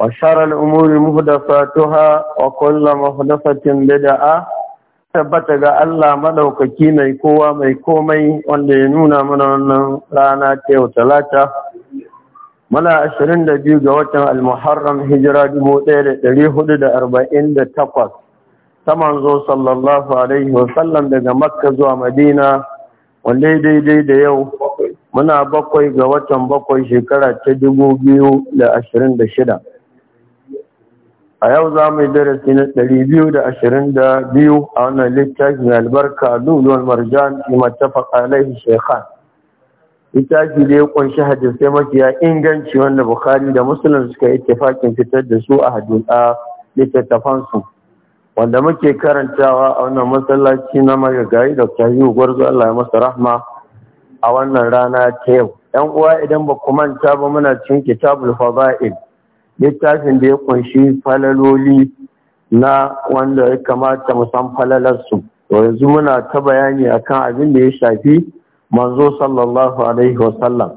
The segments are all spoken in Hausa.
وشر الأمور مهدفاتها وكل مهدفة بدعة tabbata ga Allah maɗaukaki mai kowa mai komai wanda ya nuna mana wannan rana ta yau talata muna 22 ga watan al-muharram hijira 1448 ta manzo sallallahu alaihi wasallam daga makka zuwa madina wanda daidai da yau muna bakwai ga watan bakwai shekara ta 2026 a yau za mu yi darasi na ɗari biyu da ashirin biyu a wannan littafin albarka luluwar marjan imattafa alaihi shekhan littafi da ya kunshi hadisai mafiya inganci wanda bukhari da musulun suka yi tafakin fitar da su a a littattafansu wanda muke karantawa a wannan masallaci na magagayi da kyayu gwarzo allah ya masa rahma a wannan rana ta yau yan uwa idan ba ku manta ba muna cikin kitabul fada'il littafin da ya kunshi falaloli na wanda ya kamata mu san falalarsu to yanzu muna ta bayani akan abin da ya shafi manzo sallallahu alaihi wasallam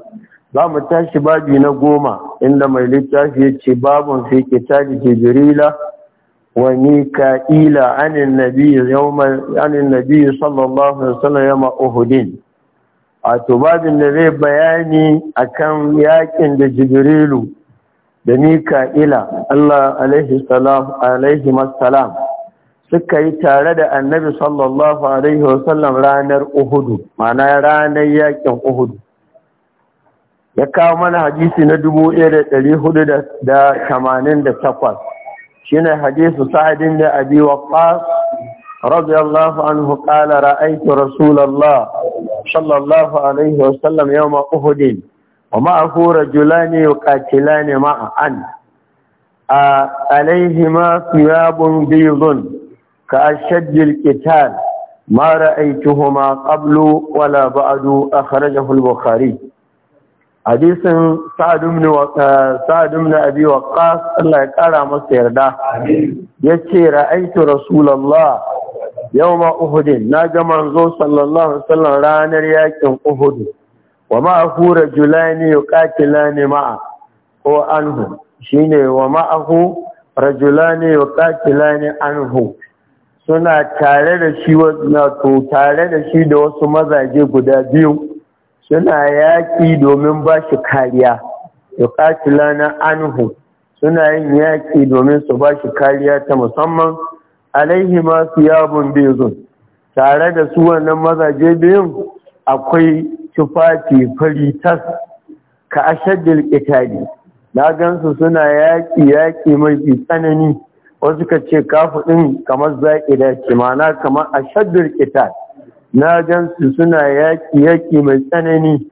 za mu tashi babi na goma inda mai littafi ya ce babun fi kitabi jibrila wa mika'ila anin nabi sallallahu alaihi wasallam yama uhudin a babin da zai bayani akan yakin da jibrilu da mika'ila Allah alaihi masalam suka yi tare da annabi sallallahu alaihi wasallam ranar uhudu mana ranar yakin uhudu ya kawo mana hadisi na 1488 shine hadisu sa'adin da abi waqqas radiyallahu anhu qala ra'aytu rasulallah sallallahu alaihi wasallam yawma uhudin Wama afurra julani buƙatila ne a an. A alaihi masu yabon gizon ka a shan jinkirta mara aiki ta ƙablu, wala ba'adu a karen da hulɓar fari. A disan, tsa'a dumne a wa ƙasa. Allah ya ƙara masa yarda. yace ce ra'ayeto, Rasulallah! Yau ma na ga manzo sallallahu sallam ranar yakin uhudu. wa ma'ahu rajulani yuqatilani ma'a ko anhu shine wa ma'ahu rajulani yuqatilani anhu suna tare da shi to tare da shi da wasu mazaje guda biyu suna yaƙi domin ba shi kariya yuqatilana anhu suna yin yaƙi domin su ba shi kariya ta musamman alaihi ma siyabun bizun tare da su wannan mazaje biyun akwai tufafi fari tas ka ashaddil qitali na gansu suna yaƙi yaƙi mai tsanani wasu ka ce kafaɗin kamar zaƙi da ke mana kamar ashaddil qital na gansu suna yaƙi yaƙi mai tsanani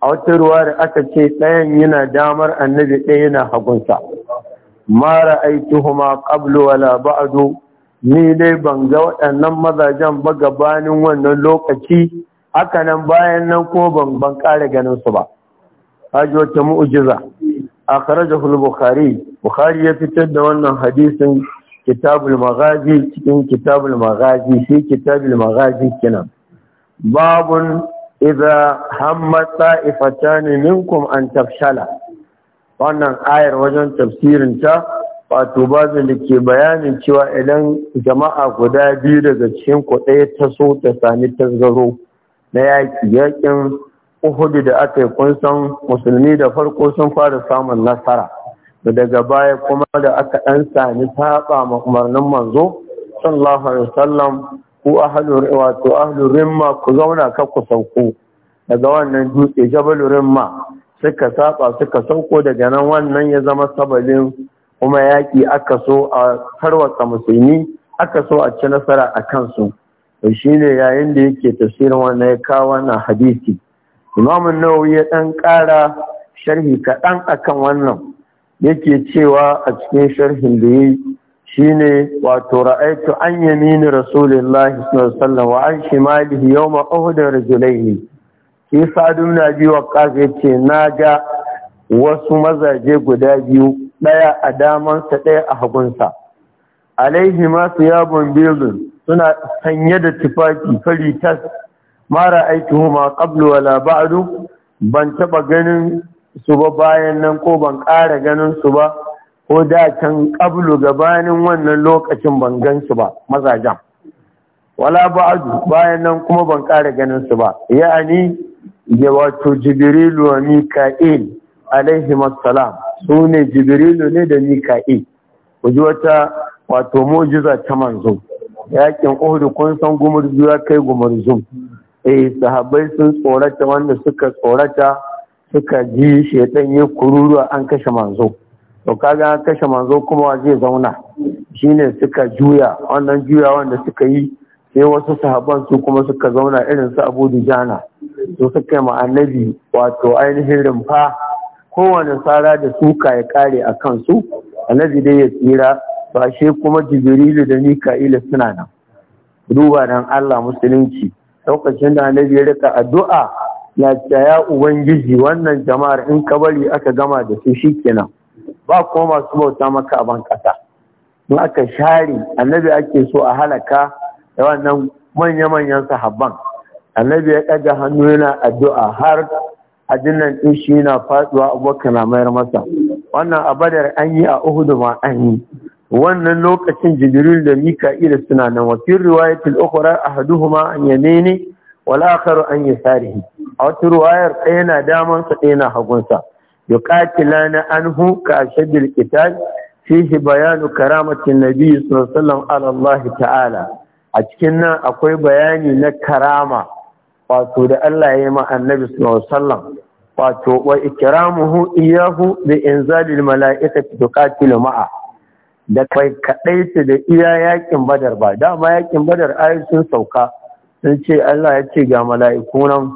a wata ruwa da aka ce ɗayan yana damar annabi ɗaya yana hagunsa mara aituhuma qablu wala ba'du ni dai ban ga waɗannan mazajen ba gabanin wannan lokaci haka nan bayan nan ko ban ban ƙara ganin su ba haji wata mu'jiza akhrajahu al-bukhari bukhari ya fitar da wannan hadisin kitabul maghazi cikin kitabul maghazi shi kitabul maghazi kenan babun idza hamma ta'ifatan minkum an tafshala wannan ayar wajen tafsirin ta wato bazu da ke bayanin cewa idan jama'a guda biyu daga cikin ku ɗaya ta so ta sami tasgaro na yaƙi yaƙin uhudu da aka yi kunsan musulmi da farko sun fara samun nasara da daga baya kuma da aka ɗan sami saba ma umarnin manzo sallallahu alaihi wasallam ku ahlu wato ahlu rimma ku zauna ka ku sauko daga wannan dutse jabalu rimma suka saba suka sauko daga nan wannan ya zama sabalin kuma yaƙi aka so a tarwatsa musulmi aka so a ci nasara a kansu to shine yayin da yake tafsirin wannan ya kawo wannan hadisi Imam Nawawi ya dan ƙara sharhi kaɗan akan wannan yake cewa a cikin sharhin da yi shine wato ra'aitu an yamini rasulillahi sallallahu alaihi wasallam wa an shimalihi yawma uhud rajulaini shi sadu na biyu wa yace na ga wasu mazaje guda biyu ɗaya a damansa ɗaya a hagunsa alaihi ma siyabun bilun suna sanye da tufafi fari tas mara aiki huma qablu wala ba'du ban taba ganin su ba bayan nan ko ban ƙara ganin su ba ko da can qablu gabanin wannan lokacin ban gan su ba mazajen wala ba'du bayan nan kuma ban ƙara ganin su ba ya'ani ya wato jibrilu wa mika'il alaihi su ne jibrilu ne da mika'il ku ji wata wato mu'jiza ta manzo yakin Uhud kun san gumurzu ya kai zum? eh sahabbai sun tsorata wanda suka tsorata suka ji shedan ya kururuwa an kashe manzo to kaga an kashe manzo kuma zai zauna shine suka juya wannan juya wanda suka yi sai wasu sahabban su kuma suka zauna irin su Abu Dujana to suka ma annabi wato ainihin rumfa kowane sara da suka ya kare a kansu annabi dai ya tsira ba shi kuma jibrilu da mika'ila suna nan duba dan Allah musulunci lokacin da annabi ya rika addu'a ya ce ya ubangiji wannan jama'ar in ka bari aka gama da su shikenan ba kuma masu bauta maka a kasa in aka share annabi ake so a halaka da wannan manya-manyan sahabban annabi ya ɗaga hannu yana addu'a har adinnan ɗin shi yana faɗuwa abokan na mayar masa wannan abadar an yi a uhudu ma an yi wannan lokacin jibril da mika'il suna nan wa fi riwayatil ukhra ahaduhuma an yamini wal akhar an yasarihi a wata riwayar ɗaya na daman sa ɗaya na hagun sa yuqatilana anhu ka ashadil qital fihi bayanu karamatin nabi sallallahu alaihi wasallam ala Allah ta'ala a cikin nan akwai bayani na karama wato da Allah ya yi ma annabi sallallahu alaihi wasallam wato wa ikramuhu iyahu bi inzalil mala'ikati tuqatilu ma'a da kai kaɗai su da iya yakin badar ba dama yakin badar ayi sun sauka sun ce Allah ya ce ga mala'iku nan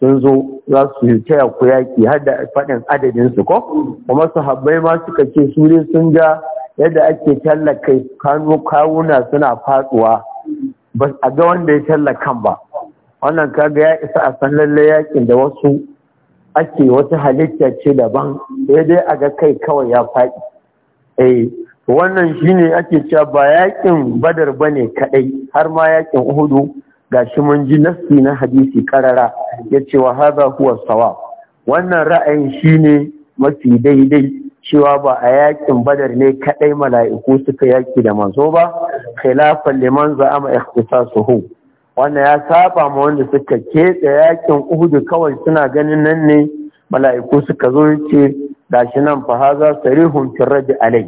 sun zo za su taya ku yaki har da faɗin adadin su ko kuma sahabbai ma suka ce su ne sun ga yadda ake tallaka kawuna suna fatsuwa ba a ga wanda ya tallakan ba wannan kaga ya isa a san lallai yakin da wasu ake wata halitta ce daban sai dai a ga kai kawai ya faɗi eh wannan shine ake cewa ba yakin badar bane kadai har ma yakin uhudu shi mun ji nassi na hadisi karara ya ce wa haza huwa sawa wannan ra'ayin shine mafi daidai cewa ba a yakin badar ne kadai mala'iku suka yaki da manzo ba khilafan liman za'ama ikhtisasuhu wannan ya saba ma wanda suka keɓe yakin uhudu kawai suna ganin nan ne mala'iku suka zo ce gashi nan fa haza sarihun firraji alai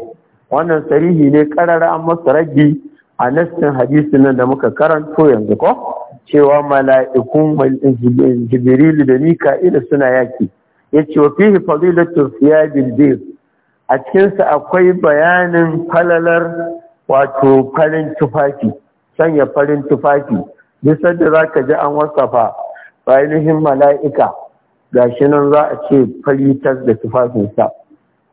wannan sarihi ne karara an masa ragi a nassin hadisi nan da muka karanto yanzu ko cewa mala'ikun jibrilu da mika'ila suna yaki yace wa fihi fadilatu siyabil bir a cikinsa akwai bayanin falalar wato farin tufafi sanya farin tufafi bisa da zaka ji an wasafa ainihin mala'ika gashi nan za a ce fari tas da tufafinsa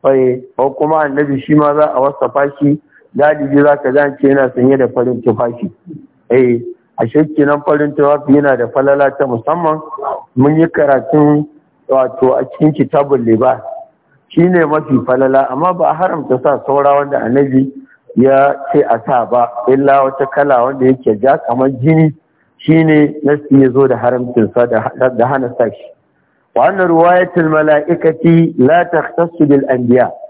kwaye ko kuma annabi shi ma za a wasa fashi galibi za ka ce yana sanye da farin tufafi eh a shekinan farin tufafi yana da falala ta musamman mun yi karatun wato a cikin kitabun liba shi ne mafi falala amma ba a haramta sa saura wanda annabi ya ce a sa ba illa wata kala wanda yake ja kamar jini shine nasi ya zo da haramcinsa da hana sa shi وأن رواية الملائكة لا تختص بالأنبياء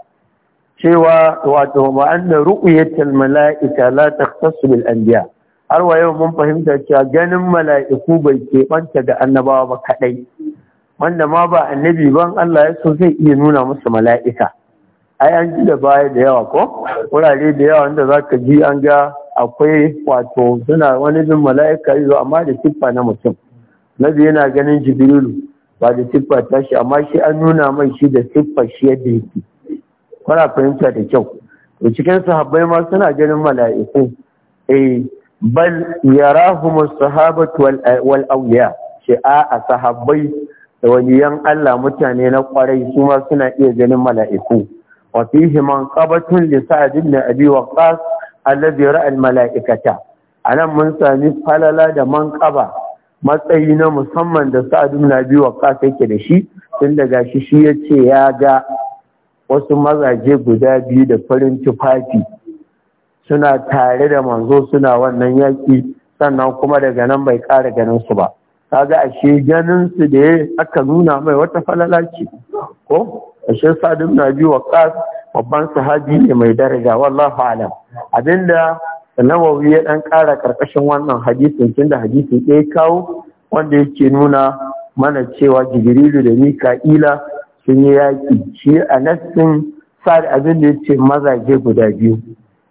cewa wato ma'anna ru'yatul mala'ika la takhtassu bil anbiya har wa yau mun fahimta cewa ganin mala'iku bai keɓanta ga annabawa ba kaɗai. wanda ma ba annabi ban Allah ya zai iya nuna masa mala'ika ai an ji da baya da yawa ko wurare da yawa wanda zaka ji an akwai wato suna wani bin mala'ika yi amma da kiffa na mutum nabi yana ganin jibrilu ba da siffa ta shi amma shi an nuna mai shi da siffa shi yadda yake kuna fahimta da kyau da cikin sahabbai ma suna ganin mala'iku eh bal yarahum as-sahabatu wal awliya shi a sahabbai da waliyan Allah mutane na kwarai su ma suna iya ganin mala'iku wa fihi kabatun qabatun li sa'd ibn abi waqqas alladhi ra'a al-mala'ikata anan mun sami falala da man matsayi na musamman da sa'adu na biyu wa yake da shi tun daga shi shi ya ce ya ga wasu mazaje guda biyu da farin tufafi suna tare da manzo suna wannan yaƙi, sannan kuma daga nan bai ƙara ganin su ba ga ashe ganin su da aka nuna mai wata falala ce ko ashe sa'ad biyu wa waqqas babban sahabi ne mai daraja wallahu alam abinda nawawi ya dan kara karkashin wannan hadisin tun da hadisin ɗaya kawo wanda yake nuna mana cewa jibrilu da mika'ila sun yi yaƙi shi a nassin sa'ad abin da yace mazaje guda biyu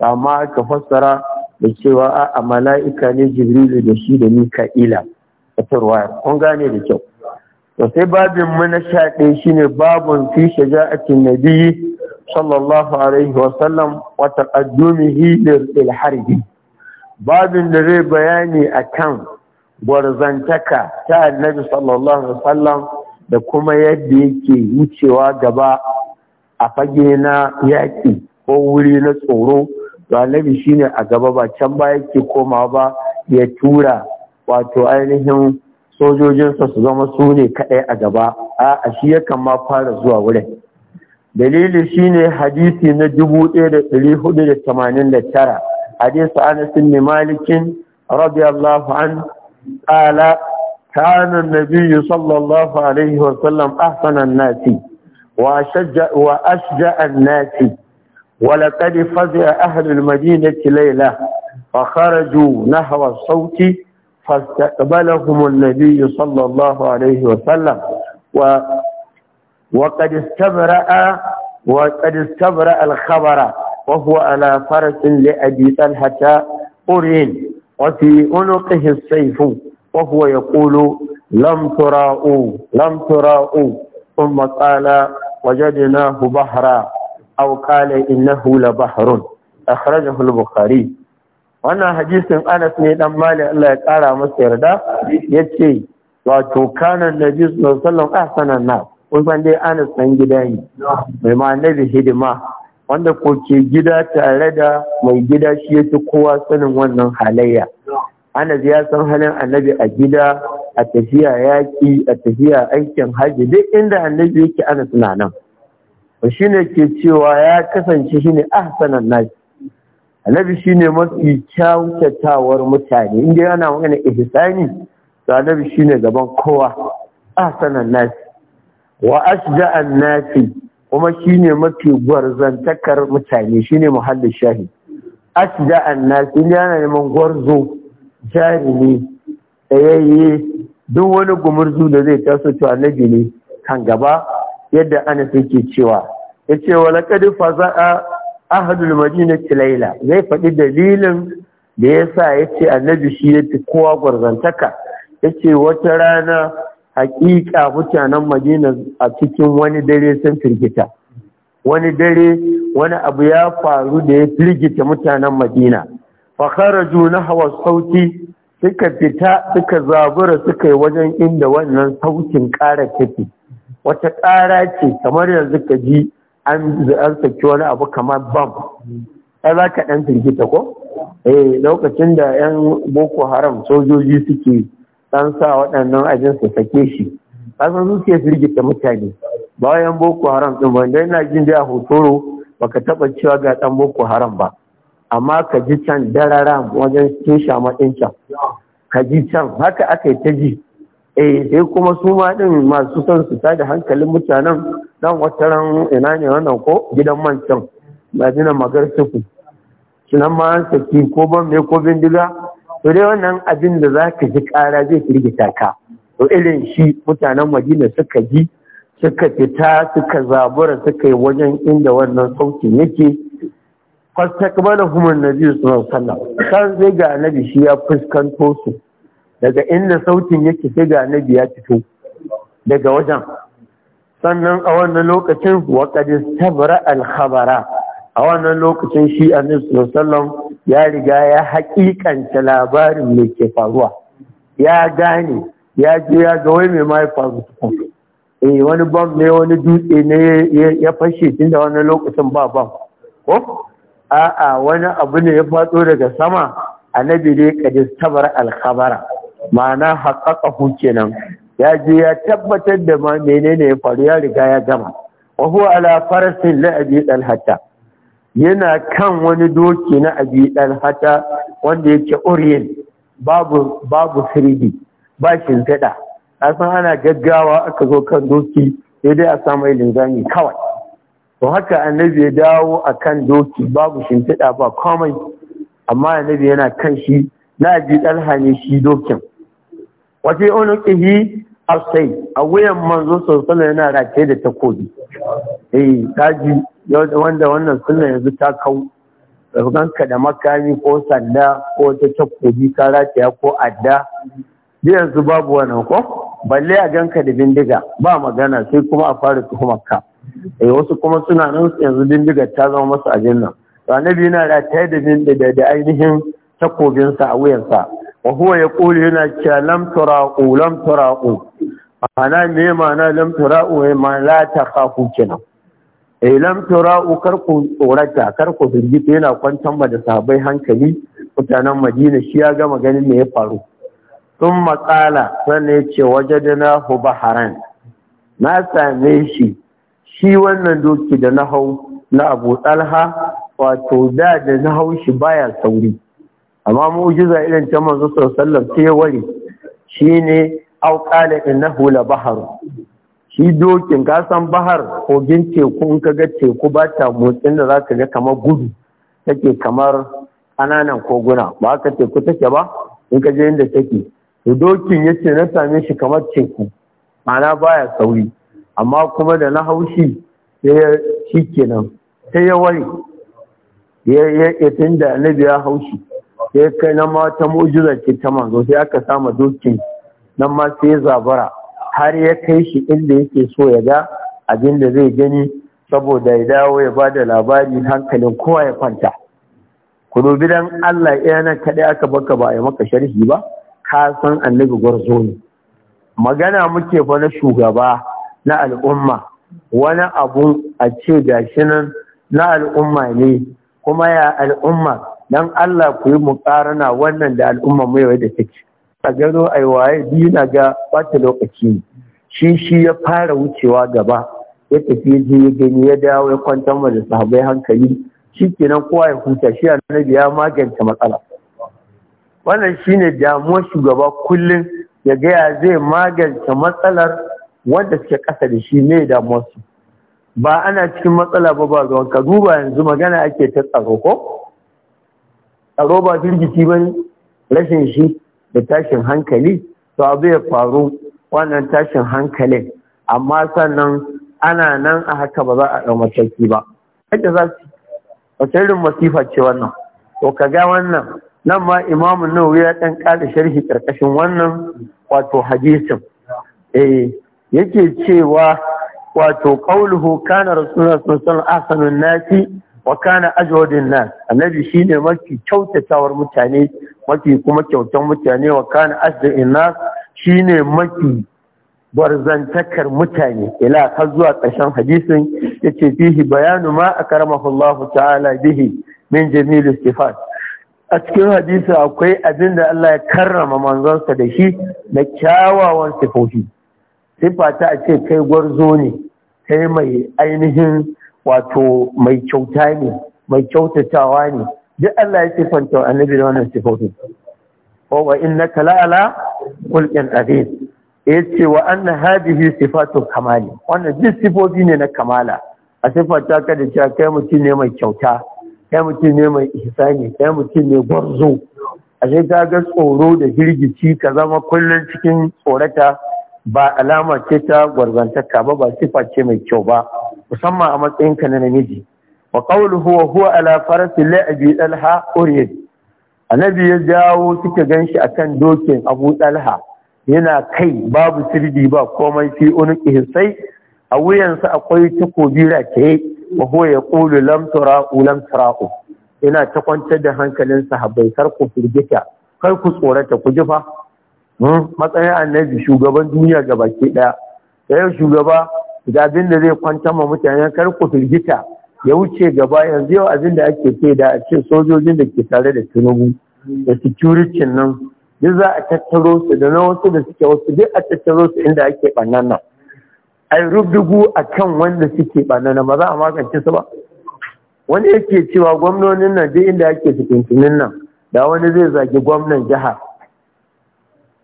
amma ka fassara da cewa a mala'ika ne jibrilu da shi da mika'ila a turwaya kun gane da kyau to sai babin mu na sha shine babun fi shaja'atin nabiyyi sallallahu alaihi wasallam wa taqaddumihi lil harbi babin da zai bayani akan gwarzantaka ta annabi sallallahu alaihi wasallam da kuma yadda yake wucewa gaba a fage na yaƙi ko wuri na tsoro to annabi shine a gaba ba can ba yake komawa ba ya tura wato ainihin sojojinsa su zama su ne kaɗai a gaba A'a shi yakan ma fara zuwa wurin dalili shine hadisi na 1489 hadisi Anas bin Malik radiyallahu an qala kana an sallallahu alaihi wa sallam ahsana an-nasi wa ashja wa ashja an-nasi ولقد فزع أهل المدينة ليلة فخرجوا نحو الصوت فاستقبلهم النبي صلى الله عليه وسلم و وقد استبرأ وقد استبرأ الخبر وهو على فرس لأبي طلحة قرين وفي عنقه السيف وهو يقول لم تراؤوا لم تراؤوا ثم قال وجدناه بحرا أو قال إنه لبحر أخرجه البخاري wannan hadisin Anas ne dan Malik Allah ya kara masa yarda yace wato kana Nabi sallallahu alaihi wasallam ahsanan nas kun san dai anas san gida ne mai ma da hidima wanda ko ke gida tare da mai gida shi ya fi kowa sanin wannan halayya ana ya san halin annabi a gida a tafiya yaƙi a tafiya aikin hajji duk inda annabi yake anas na nan shi ne ke cewa ya kasance shi ne ahsanan nasi annabi shi ne mafi kyautatawar mutane inda yana wani ihsani to annabi shi ne gaban kowa ahsanan nasi wa ashja nasi kuma shine mafi gwarzantakar mutane shine muhallin shahi ashja nasi yana neman gwarzo jarumi tsayayye duk wani gumurzu da zai taso to annabi ne kan gaba yadda ana yake cewa yace wa laqad faza'a ahadul madinati layla zai faɗi dalilin da yasa yace annabi shi yafi kowa gwarzantaka yace wata rana hakika mutanen madina a cikin wani dare sun firgita wani dare wani abu ya faru da ya firgita mutanen madina juna nahwa sauti suka fita suka zabura suka yi wajen inda wannan sautin ƙara take wata ƙara ce kamar yanzu ka ji an saki wani abu kamar bam ai za ka ɗan firgita ko eh lokacin da 'yan boko haram sojoji suke ɗan sa waɗannan ajin su sake shi kasan su suke firgita mutane bayan boko haram ɗin wanda yana jin da hotoro baka taɓa cewa ga ɗan boko haram ba amma ka ji can darara wajen cin shama can ka ji can haka aka yi ta ji eh sai kuma su ma ɗin masu son su da hankalin mutanen dan ran ina ne wannan ko gidan man can madina magar suku sunan ma an saki ko ban me ko bindiga to dai wannan abin da za ka ji ƙara zai firgita ka to irin shi mutanen madina suka ji suka fita suka zabura suka yi wajen inda wannan sautin yake fastakbala humar nabi sallallahu alaihi kan sai ga annabi shi ya fuskanto su daga inda sautin yake sai ga annabi ya fito daga wajen sannan a wannan lokacin wa qad istabra al khabara a wannan lokacin shi annabi sallallahu ya riga ya haƙiƙanta labarin mai ke faruwa ya gane ya je ya ga wai mai mai faru eh wani bam ne wani dutse ne ya fashe tunda wani lokacin ba bam ko a'a wani abu ne ya faɗo daga sama annabi dai kadis tabar alkhabara ma'ana haqqaqahu kenan ya je ya tabbatar da ma menene ya faru ya riga ya gama wa ala farasin la'abi abi dalhatta yana kan wani doki na abi Hata, wanda yake orient babu babu sirri ba shimfiɗa. fada san ana gaggawa aka zo kan doki sai dai a samu linzami kawai to haka annabi ya dawo akan doki babu shimfiɗa ba komai amma annabi yana kan shi na abi hane shi dokin wata yi asai a wuyan manzo sosai yana rake da takobi eh daji wanda wannan sunna yanzu ta kau ganka da makami ko sanda ko ta takobi ka rataya ko adda Bi yanzu babu wannan ko balle a ganka da bindiga ba magana sai kuma a fara ka eh wasu kuma suna nan yanzu bindiga ta zama masu ajin nan to annabi yana rataye da bindiga da ainihin takobinsa a wuyansa wa huwa yaqulu yana cewa lam turaqu lam turaqu ana me mana lam turaqu ai ma kenan eh lamtura'u turaqu kar ku tsorata kar ku firgita yana kwantar ma da sabai hankali mutanen Madina shi ya gama ganin me ya faru sun matsala sannan ya ce da hu baharan na same shi shi wannan doki da na hau na abu talha wato da da na hau shi baya sauri amma mu'jiza irin ta manzo sallallahu alaihi sai shi shine au qala innahu hula bahar shi dokin ka san bahar kogin teku in ka ga teku ba ta motsin da za ka ga kamar gudu take kamar ƙananan koguna ba ka teku take ba in ka je inda take to dokin yace na same shi kamar teku ma'ana baya sauri amma kuma da na haushi sai shi kenan sai ya wari ya ya tunda annabi ya haushi sai kai nan ma ta mujizar ce ta manzo sai aka sama dokin nan ma sai zabara har ya kai shi inda yake so ya ga abin da zai gani saboda ya dawo ya ba da labari hankalin kowa ya kwanta ku dubi dan Allah nan kaɗai aka baka ba a yi maka sharhi ba ka san annabi gwarzo ne magana muke fa na shugaba na al'umma wani abu a ce gashi nan na al'umma ne kuma ya al'umma dan Allah ku yi muƙarana wannan da al'umma mai wai da take a gano ai waye biyu na ga bata lokaci ne shi shi ya fara wucewa gaba ya tafi je ya gani ya dawo ya kwantar ma da sahabbai hankali kenan kowa ya huta shi annabi ya magance matsala wannan shine damuwar shugaba kullum ya gaya zai magance matsalar wanda suke kasa da shi ne damuwarsu ba ana cikin matsala ba ba zuwan ka duba yanzu magana ake ta tsaro ko tsaro ba firgici ba ne rashin shi da tashin hankali to abu ya faru wannan tashin hankalin amma sannan ana nan a haka ba za a ɗau mataki ba yadda za su wace irin masifa ce wannan to ka ga wannan nan ma imamu nawawi ya ɗan ƙara sharhi ƙarƙashin wannan wato hadisin eh yake cewa wato qauluhu kana suna sallallahu alaihi wasallam ahsanun nasi wa kana ajwadin nas annabi shine mafi kyautatawar mutane mafi kuma kyautan mutane wa kana asdaqin nas shine mafi barzantakar mutane ila har zuwa ƙarshen hadisin yace fihi bayanu ma akramahu Allah ta'ala bihi min jamil Sifat. a cikin hadisi akwai abin da Allah ya karrama manzonsa da shi da kyawawan sifofi sifa ta ce kai gwarzo ne kai mai ainihin wato mai kyauta ne mai kyautatawa ne duk Allah ya sifanta annabi da wannan sifofi wa wa inna la ala khulqin azim ce wa anna hadhihi sifatu kamali wannan duk sifofi ne na kamala a sifata ka da cewa kai mutum ne mai kyauta kai mutum ne mai ihsani kai mutum ne gwarzo a sai ka ga tsoro da girgici ka zama kullum cikin tsorata ba alama ce ta gwarzantaka ba ba sifa ce mai kyau ba musamman a matsayinka na namiji wa qawluhu huwa huwa ala farasi la abi dalha uriyad annabi ya jawo suka ganshi akan dokin abu dalha yana kai babu sirdi ba komai fi unuki sai a wuyansa akwai takobi ke wa huwa yaqulu lam tura'u lam tara'u yana ta kwantar da hankalin sahabbai kar ku firgita kai ku tsorata ku jifa hmm? matsayin annabi shugaban duniya gabaki daya ɗaya, shugaba ga abin da zai kwantar ma mutane kar ku firgita ya wuce gaba yanzu yau abin da ake ce da a ce sojojin da ke tare da tinubu da security nan duk za a tattaro su da na wasu da suke wasu duk a tattaro su inda ake ɓannan nan ai rubdugu a kan wanda suke ɓannan nan ba za a magance su ba wani yake cewa gwamnonin nan duk inda ake tuntunin nan da wani zai zagi gwamnan jihar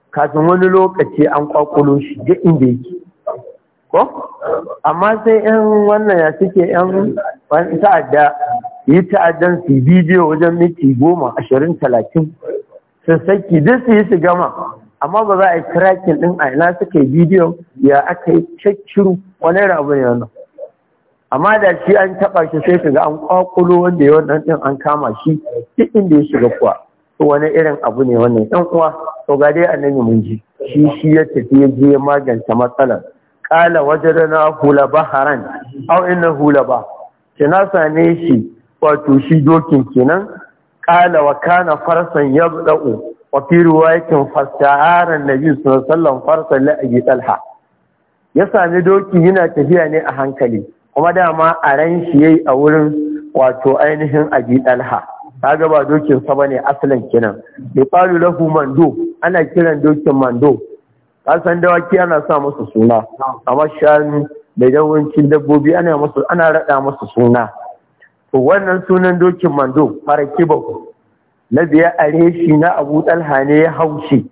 kafin wani lokaci an kwakulo shi duk inda yake ko amma sai yan wannan ya suke yan ta'adda yi ta'addan su bidiyo wajen miki goma ashirin talatin su saki duk su yi su gama amma ba za a yi kirakin din a ina suka yi bidiyo ya aka yi cacciru wani rabu ne wannan amma da shi an taba shi sai ga an kwakulo wanda ya wannan din an kama shi duk inda ya shiga kuwa to wani irin abu ne wannan ɗan uwa to ga dai annabi mun ji shi shi ya tafi ya je ya magance matsalar ƙala wajadana hula baharan au inna hula ba ke na same shi wato shi dokin kenan ƙala wa kana farsan ya da'u wa fi riwayatin fastaharan nabi sallallahu alaihi farsan la abi talha ya sami doki yana tafiya ne a hankali kuma dama a ran shi yayi a wurin wato ainihin abi talha kaga ba dokin sa bane asalin kenan bi qalu lahu mando ana kiran dokin mando an san dawaki ana sa musu suna amma shanu da yawancin dabbobi ana masa ana rada musu suna to wannan sunan dokin mando marakiba na biya are na Abu Talha ya haushi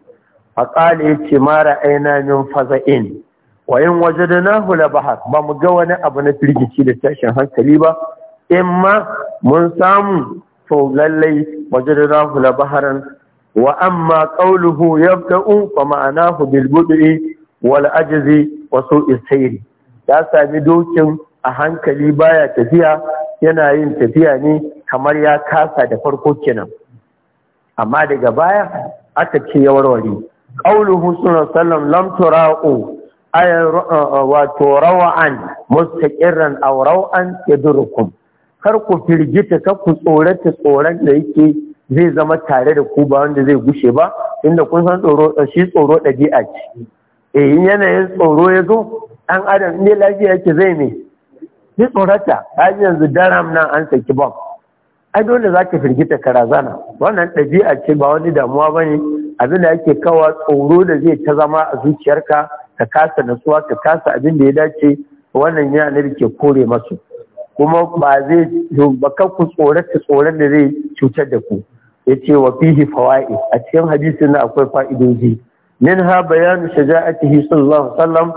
a kale yace mara aina min faza'in wa in wajadnahu la bahar ba mu ga wani abu na firgici da tashin hankali ba in ma mun samu to lallai wajadnahu la baharan wa amma qawluhu yabda'u fa ma'anahu bil bud'i wal ajzi wa su'i sayri ya sami dokin a hankali baya tafiya yana yin tafiya ne kamar ya kasa da farko kenan amma daga baya aka ce ya warware qauluhu sallallahu alaihi lam tura'u ay wato rawa'an mustaqirran aw raw'an yadurukum kar ku firgita kar ku tsorata tsoron da yake zai zama tare da ku ba wanda zai gushe ba inda kun san tsoro shi tsoro ɗabi'a ce eh yanayin tsoro ya zo an adam ne lafiya yake zai ne shi tsorata har yanzu daram nan an saki bom ai dole za ka firgita karazana wannan ɗabi'a ce ba wani damuwa ba ne abin da yake kawa tsoro da zai ta zama a zuciyarka ka kasa natsuwa ka kasa abin da ya dace wannan yanar ke kore masu kuma ba zai ba ku tsorata tsoron da zai cutar da ku yace wa fihi fawaid a cikin hadisin na akwai fa'idoji minha bayanu shaja'atihi sallallahu alaihi wasallam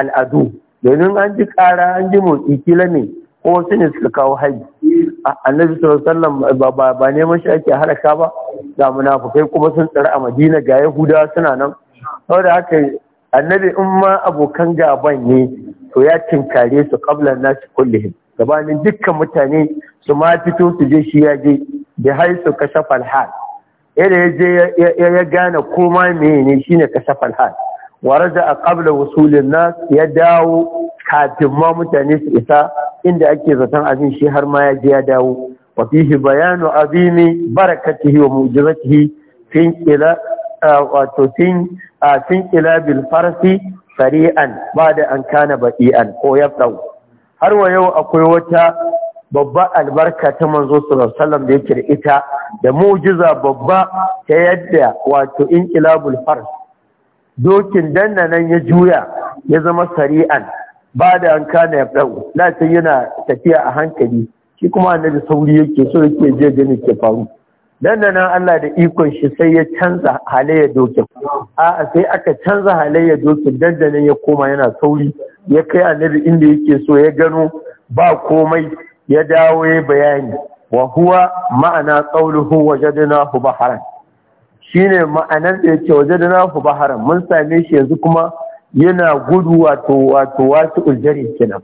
al'adu domin an ji kara an ji motsi kila ne ko wasu ne suka kawo haji annabi sallallahu alaihi wasallam ba neman shi ake halaka ba ga munafukai kuma sun tsara a madina ga yahudawa suna nan saboda haka annabi in ma abokan gaban ne to ya tinkare su qabla nasu kullihim gabanin dukkan mutane su ma fito su je shi ya je bi haisu kashafal hal yadda ya je ya gane koma menene shine kashafal hal wa raja'a qabla wusulin nas ya dawo kafin ma mutane su isa inda ake zaton abin shi har ma ya je ya dawo wa fihi bayanu azimi barakatihi wa mu'jizatihi fin ila wato fin fin ila bil farsi sari'an ba da an kana ba'i'an ko ya har wa yau akwai wata babba albarka ta manzo sallallahu alaihi da yake da ita da mu'jiza babba ta yadda wato inqilabul fars dokin nan ya juya ya zama sari'an ba da an kana ya dau latin yana tafiya a hankali shi kuma annabi sauri yake so yake je gani ke faru nan Allah da ikon shi sai ya canza halayya dokin a'a sai aka canza halayya dokin nan ya koma yana sauri ya kai annabi inda yake so ya gano ba komai ya dawo ya bayani wa huwa ma'ana qawluhu wajadnahu baharan ne ma'anar da yake wajadnahu baharan mun same shi yanzu kuma yana gudu wato wato wasu uljari kenan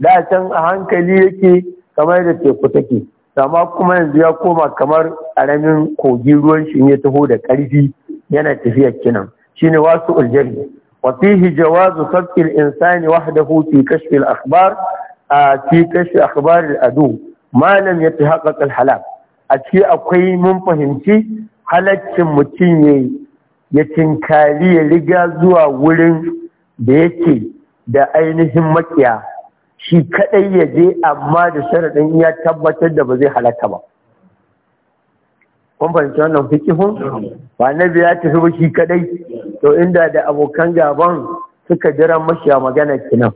da can a hankali yake kamar da teku take amma kuma yanzu ya koma kamar ƙaramin kogi ruwan shi ya taho da karfi yana tafiya kinan shine wasu uljari wa fihi jawazu sabqil insani wahdahu fi kashf al a fi kashi ado, adu malam ya fi al halal a ce akwai mun fahimci halaccin mutum ya ya tinkari ya riga zuwa wurin da yake da ainihin makiya shi kaɗai ya je amma da sharaɗin ya tabbatar da ba zai halaka ba kun fahimci wannan fikihun ba na biya tafi ba shi kaɗai? to inda da abokan gaban suka jira mashi a magana kinan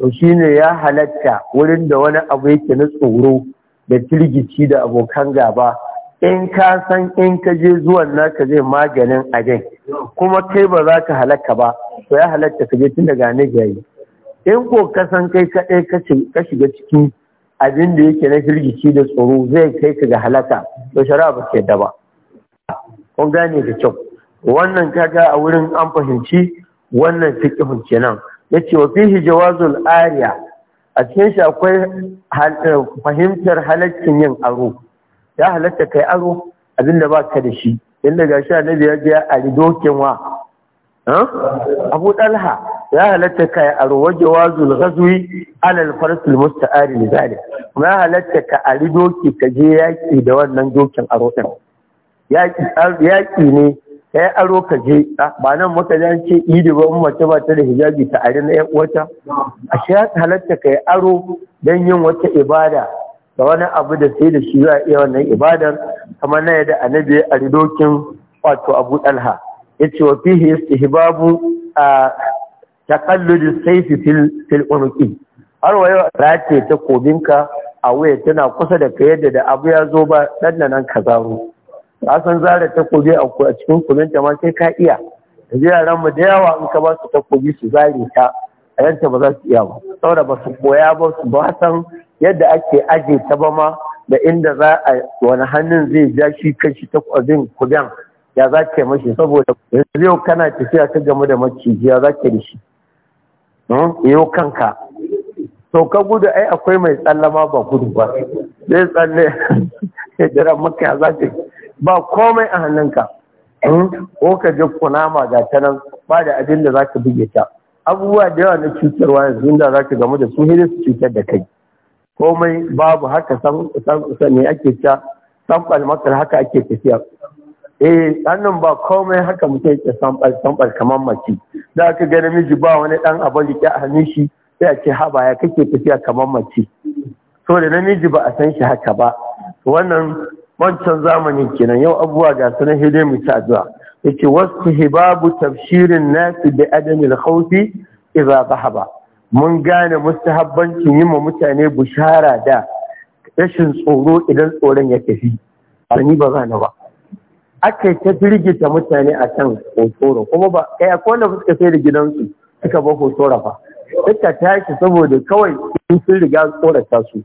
to ne ya halatta wurin da wani abu yake na tsoro da kirgici da abokan gaba in ka san in ka je zuwan naka zai maganin abin kuma kai ba za ka halaka ba to ya halatta ka je tun daga ne jayi in ko ka san kai kaɗai ka shiga cikin abin da yake na firgici da tsoro zai kai ka ga halaka to shari'a ba ke da ba kun gane da kyau wannan kaga a wurin an fahimci wannan fiqhun kenan yace wa fihi jawazul ariya a cikin shi akwai eh, fahimtar halaccin yin aro ya halatta kai aro abinda baka da shi inda gashi annabi ya ga a ridokin wa abu dalha ya halatta ka aro waje wazul ghazwi ala al faras al musta'ari li zalik kuma ya halatta ka ari doki ka je yaki da wannan dokin aro din yaki yaki ne ya aro ka je ah, ba nan muka ji ce idi ba mace ba ta da hijabi ta are na wata a shi ya halatta kai aro dan yin wata ibada da wani abu da sai da shi za a iya wannan ibadar kamar na yadda annabi a ridokin wato abu dalha yace wa fihi istihbabu a taqallud sayfi fil fil unqi har wayo race ta kobinka a waya tana kusa da ka yadda da abu ya zo ba dan nan ka zaro ka san zara takobi a cikin kunanta ma sai ka iya da yaran mu da yawa in ka ba su takobi su zare ta a yanta ba za su iya ba saboda ba su koya ba su ba san yadda ake aje ta ba ma da inda za a wani hannun zai ja shi kan shi takobin kudan ya za ka mashi saboda yau kana tafiya ta game da maciji ya za ka da shi hmm? yau kanka to ka gudu ai akwai mai tsallama ba gudu ba zai tsalle ya jira maka ya za ka ba komai a hannunka hmm? ko ka ji kunama ga ta nan ba da abin da za ka buge ta abubuwa da yawa na cutarwa yanzu inda za ka gamu da su hidin su cutar da kai komai babu haka san me ake ta samfal makar haka ake tafiya eh hannun ba komai haka san bal san bal kamar mace da ka ga namiji ba wani dan abin ke a hannun shi sai a ce haba ya kake tafiya kamar mace so da namiji ba a san shi haka ba wannan wancan zamanin kenan yau abubuwa ga sanar hidin mu zuwa. addu'a yace wasu hibabu tafsirin nasi bi adamil khawfi idza dhahaba mun gane mustahabbancin yi ma mutane bushara da rashin tsoro idan tsoron ya tafi ni ba za na ba aka yi ta firgita mutane a kan hotoro kuma ba kai akwai wanda suka sai da gidansu suka ba hotoro fa ta tashi saboda kawai sun riga tsorata su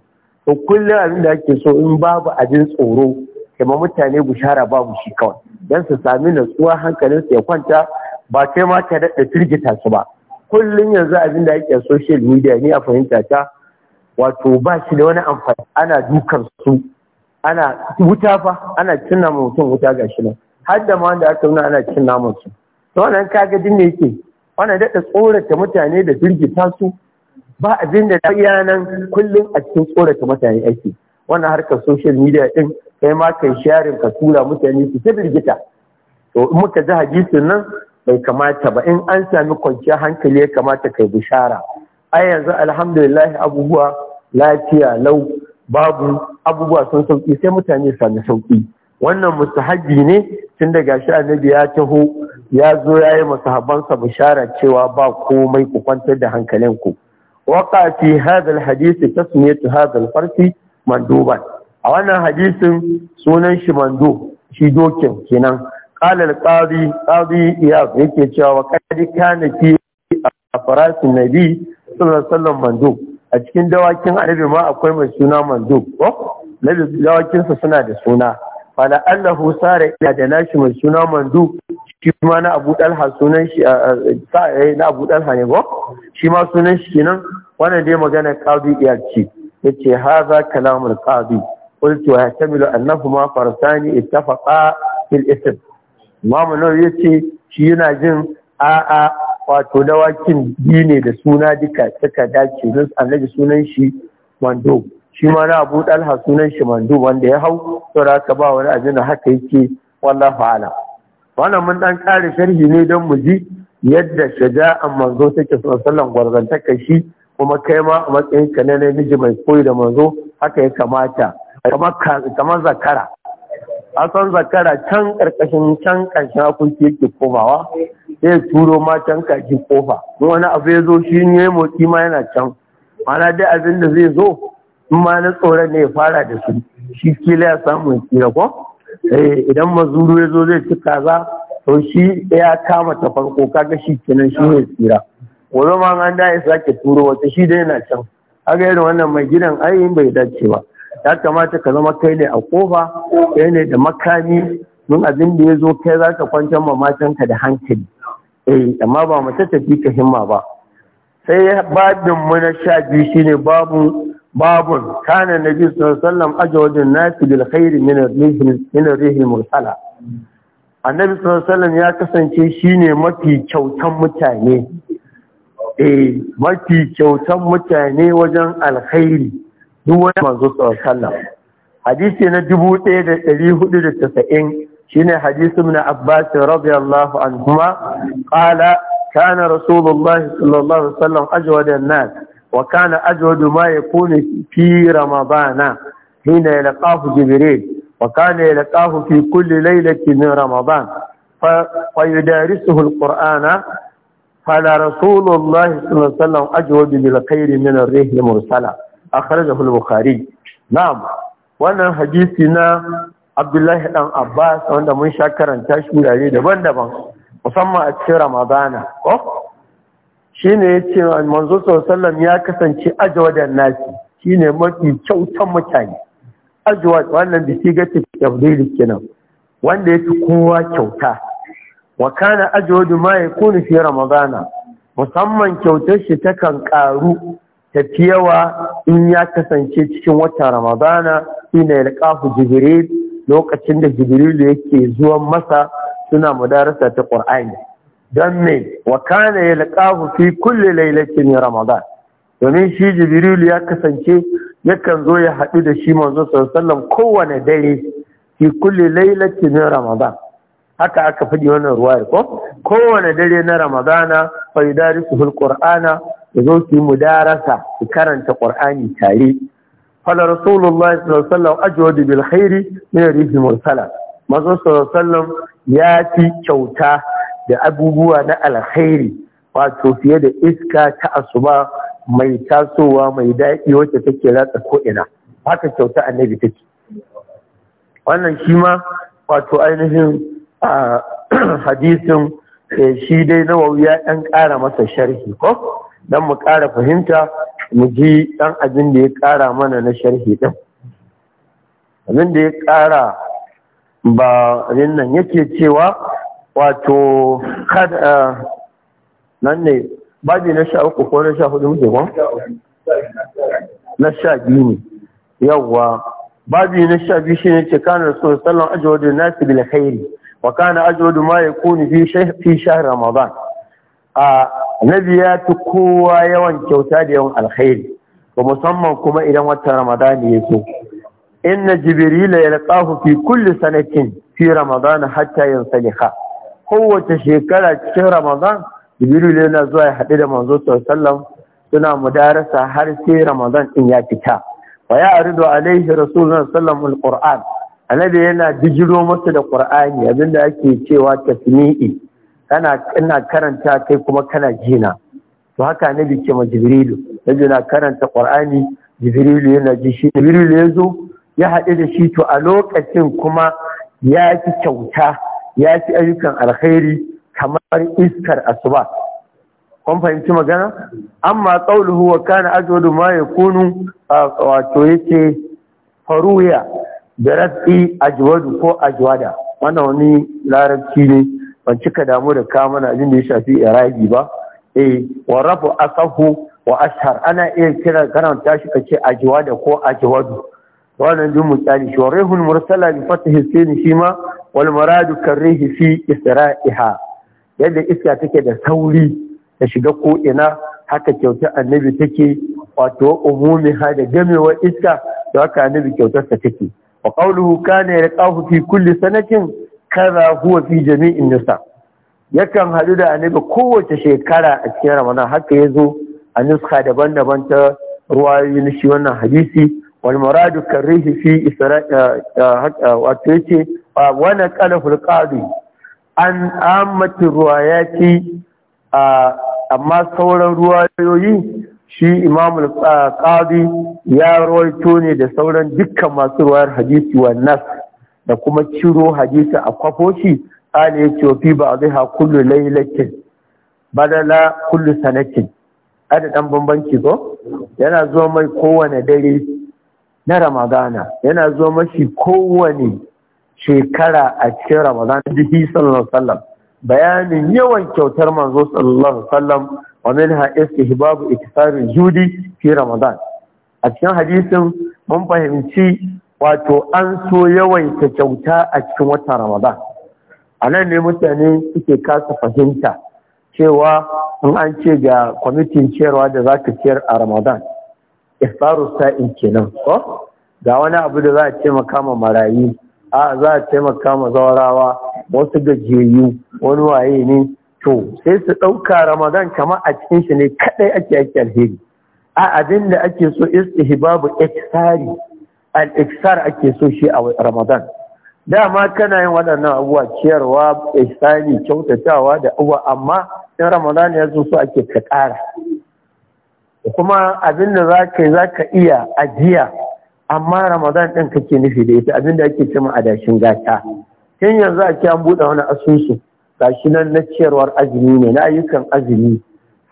to kullum abin da ake so in babu abin tsoro kama mutane bushara babu shi kawai don su sami natsuwa hankalin su ya kwanta ba kai ma ka daɗa firgita su ba kullum yanzu abin da ake social media ni a fahimta ta wato ba shi da wani amfani ana dukar su ana wuta fa ana cinna mutum wuta ga shi nan har da ma wanda aka nuna ana cinna mutum to wannan kaga din ne yake wannan daɗa tsorata mutane da firgita su ba abin da iya nan kullum a cikin tsorata mutane aiki wannan harkar social media din kai ma kai sharing ka tura mutane su ta birgita to in muka ji hadisin nan bai kamata ba in an sami kwanciyar hankali ya kamata kai bishara ai yanzu alhamdulillah abubuwa lafiya lau babu abubuwa sun sauki sai mutane sami sauki wannan mustahabi ne tun da gashi annabi ya taho ya zo ya yi masahabansa bishara cewa ba komai ku kwantar da hankalinku waka fi hadal hadisi tasmiyatu hadal farsi manduban a wannan hadisin sunan shi Mandu shi dokin kenan qala al-qadi qadi iyaz yake cewa qad kana fi afrasin nabi sallallahu alaihi wasallam a cikin dawakin annabi ma akwai mai suna mando ko dawakin suna da suna fala allahu sara ila da nashi mai suna Mandu? shi ma na abu ɗalha sunan shi a eh, na abu ɗalha ne ba shi ma sunan shi kenan wannan dai magana qadi Ya ce yace hadha kalamul qadi qultu wa yahtamilu annahuma farsani ittafaqa fil ism imam nawawi yace shi yana jin a'a wato dawakin biyu ne da suna duka suka dace don annabi sunan shi mando shi ma na abu ɗalha sunan shi mando wanda ya hau saboda ka ba wani abin da haka yake wallafa ala wannan mun dan kare sharhi ne don mu ji yadda shaja'an manzo take sallallahu sallan wasallam shi kuma kai ma a matsayin ka na namiji mai koyi da manzo haka ya kamata kamar zakara a san zakara can karkashin can karshen hakunci yake komawa sai turo ma can karshen kofa Mun wani abu ya zo shi ne motsi ma yana can mana dai abin da zai zo in ma na tsoron ne ya fara da su shi kila ya samu ya kira ko Eh, idan mazuru ya zo zai ci kaza to shi ya kama ta farko kaga shi kenan shi ne tsira gobe ma an da ya sake turo wata shi dai yana can haka irin wannan mai gidan ayin bai dace ba ya kamata ka zama kai ne a kofa kai ne da makami mun abin da ya zo kai za ka kwantar ma ka da hankali eh amma ba mace fi ka himma ba sai babin mu na sha biyu shine babu babun kana nabi sallallahu ajwadun nasi bil khairi min ar-rihil mursala annabi sallallahu ya kasance shine mafi kyautan mutane eh mafi kyautan mutane wajen alkhairi duk wani manzo sallallahu hadisi na 1490 shine hadisi min abbas radiyallahu anhuma qala kana rasulullahi sallallahu alaihi wasallam ajwadan nas. wa kana ajwadu ma yakunu fi ramadana hina yalqahu jibril wa kana yalqahu fi kulli laylatin min ramadan fa yudarisuhu alqur'ana fala rasulullah sallallahu alaihi wasallam ajwadu bil khairi min ar-rih al-mursala akhrajahu al-bukhari na'am wannan hadisi na Abdullahi dan Abbas wanda mun sha karanta shi daban-daban musamman a cikin Ramadana ko Shi ne shine yace manzo sallallahu ya kasance ajwadan nasi ne mafi kyautan mutane ajwad wannan da bisi ga tafdil kenan wanda ya fi kowa kyauta wa kana ajwadu ma yakunu fi ramadana musamman kyautar shi ta takan karu tafiyawa in ya kasance cikin watan ramadana ne yalqahu jibril lokacin da jibril yake zuwa masa suna madarasa ta qur'ani don me wa kana yalqahu fi kulli lailatin ramadan domin shi Jibrilu ya kasance yakan zo ya haɗu da shi manzo sallallahu kowane dare fi kulli lailatin ramadan haka aka faɗi wannan ruwayar ko kowane dare na ramadana fa yudarisuhul qur'ana zo su mudarasa su karanta qur'ani tare fala rasulullahi sallallahu alaihi wasallam ajwadu bil khairi min mursala manzo sallallahu ya fi kyauta da abubuwa na alkhairi wato fiye da iska ta asuba mai tasowa mai daɗi wacce take ratsa ko'ina haka kyauta annabi take wannan shi ma wato ainihin hadisin eh, shi dai nawawi ya ɗan ƙara masa sharhi ko don mu ƙara fahimta mu ji ɗan abin da ya ƙara mana na sharhi ɗin abin da ya ƙara ba nan yake cewa wato kada eh, nan ne babi na sha uku ko na sha hudu muke ba na sha biyu ne yawwa babi na sha biyu shi ne ce kanar so sallan ajiyar nasi bil khairi wa kana ajiyar ma ya kuni fi shahar ramadan a nabi ya ta kowa yawan kyauta da yawan alkhairi ba musamman kuma idan watan ramadan ya zo inna jibrila yalqahu fi kulli sanatin fi ramadan hatta yansaliha kowace shekara cikin ramadan jibril yana zuwa ya haɗu da manzo sallam suna mudarasa har sai ramadan din ya fita wa ya aridu alaihi rasulullah sallam alquran annabi yana jijiro masa da qur'ani abinda ake cewa tasmi'i kana ina karanta kai kuma kana jina to haka annabi ke ma jibrilu yaje na karanta qur'ani jibrilu yana ji shi jibrilu ya zo ya haɗu da shi to a lokacin kuma ya ki kyauta ya ci ayyukan alkhairi kamar iskar asuba kun fahimci magana amma qauluhu wa kana ajwadu ma yakunu wato yake faruya da rafi ajwadu ko ajwada wannan wani larabci ne ban cika damu da ka mana abin da ya shafi iraki ba eh wa rafu asahu wa ashar ana iya kira karanta shi kace ajwada ko ajwadu wannan jin mu kyali mursala bi fatihi sin shi ma wal maradu karrihi fi isra'iha yadda iska take da sauri ta shiga ko ina haka kyautar annabi take wato umumi ha da gamewar iska da haka annabi kyautarsa take wa qawluhu kana yaqahu fi kulli sanatin kaza huwa fi jami'in nisa yakan hadu da annabi kowace shekara a cikin ramadan haka yazo a nuska daban-daban ta ruwayoyi na shi wannan hadisi wal muradu karrihi fi isra'a eh, eh, eh, wato yace wa naqala fil qadi an ammatu ruwayati amma sauran ruwayoyi shi imamul qadi ya rawaito ne da sauran dukkan masu ruwayar hadisi wa nas da kuma ciro hadisi a kwafoshi ala yace fi ba'dha kullu laylatin badala kullu sanatin ada dan bambanci go, yana zuwa mai kowane dare na ramadana yana zo mashi kowane shekara a cikin ramadana jihi sallallahu sallam bayanin yawan kyautar manzo sallallahu sallam wa min ha istihbabu iktisarin judi fi ramadan a cikin hadisin mun fahimci wato an so ta kyauta a cikin wata ramadan a nan ne mutane suke kasa fahimta cewa in an ce ga kwamitin ciyarwa da za ka ciyar a ramadan ihbaru sa'in kenan ko ga wani abu da za a taimaka ma marayu a za a taimaka ma zaurawa wasu gajiyayyu wani waye ne to sai su ɗauka ramadan kamar a cikin shi ne kaɗai ake ake alheri a abin da ake so istihbabu iksari al iksar ake so shi a ramadan dama kana yin waɗannan abubuwa ciyarwa ihsani kyautatawa da abubuwa amma in ramadan ya zo so ake ka ƙara kuma abin da za ka za ka iya ajiya amma ramadan ɗin kake nufi da ita abin da ake cima adashin gata tun yanzu a an buɗe wani asusu shi nan na ciyarwar azumi ne na ayyukan azumi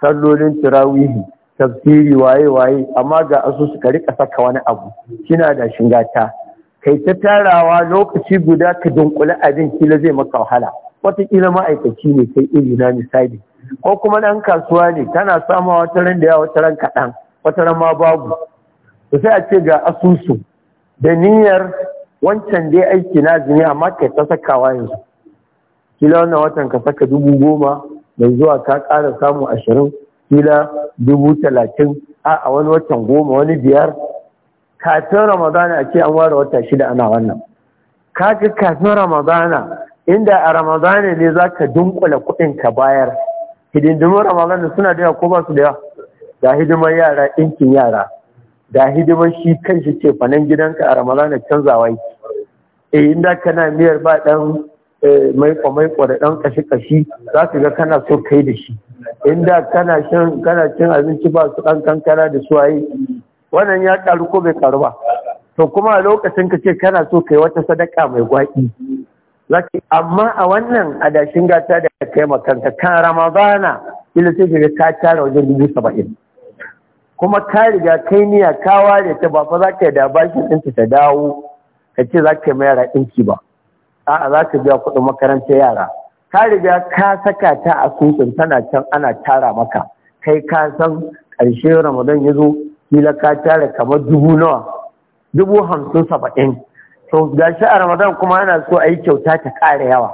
sallolin turawihi, tafsiri waye waye amma ga asusu ka rika saka wani abu kina da gata. kai ta tarawa lokaci guda ka dunkule abin kila zai maka wahala wataƙila ma'aikaci ne kai iri na misali ko kuma ɗan kasuwa ne tana samun wata ran da yawa wata ran kaɗan wata ran ma babu to sai a ce ga asusu da niyyar wancan dai aiki na zini amma kai ta sakawa yanzu kila wannan watan ka saka dubu goma mai zuwa ka ƙara samu ashirin kila dubu talatin a wani watan goma wani biyar kafin ramadana a ce an ware wata shida ana wannan kafin ramadana inda a ramadana ne za ka dunkula kuɗin ka bayar hidindimin ramadan da suna da ko ba su da yawa ga hidimar yara ɗinkin yara Da hidimar shi kan shi ce fanan gidanka a ramadan da canzawa yi eh inda kana miyar ba ɗan eh, mai maiko da ɗan kashi kashi za ka ga kana so kai da shi inda kana shan kana cin abinci ba su ɗan kankara da su waye. wannan ya karu ko bai ƙaru ba to kuma a lokacin ka ce kana so kai wata sadaka mai gwaƙi amma a wannan adashin gata da kai makanta kan ramadana ila sai ka tara wajen dubu saba'in kuma ka riga kai niya ka ware ta ba fa za ka yi da bashi ɗinta ta dawo ka ce za ka yi yara ɗinki ba a'a za ka biya kuɗin makarantar yara ka riga ka saka ta a asusun tana can ana tara maka kai ka san ƙarshe ramadan ya zo kila ka tara kamar dubu nawa dubu hamsin saba'in to shi a ramadan kuma ana so a yi kyauta ta ƙara yawa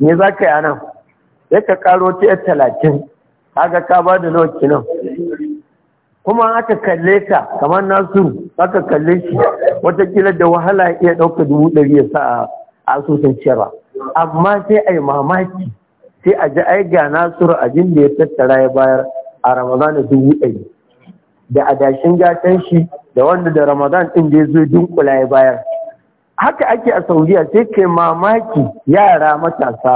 me za ka yi a nan ya ka ƙaro ta yar talatin haka ka ba da nawa kinan kuma aka kalle ka kamar nasiru aka kalle shi watakila da wahala iya ɗauka dubu ɗari ya sa a asusun ciyarwa amma sai a yi mamaki sai a ji aiga ga nasiru abin da ya tattara ya bayar a ramadan dubu ɗari da adashin gatan shi da wanda da ramadan ɗin da ya zo dunkula ya bayar haka ake a saudiya sai ke mamaki yara matasa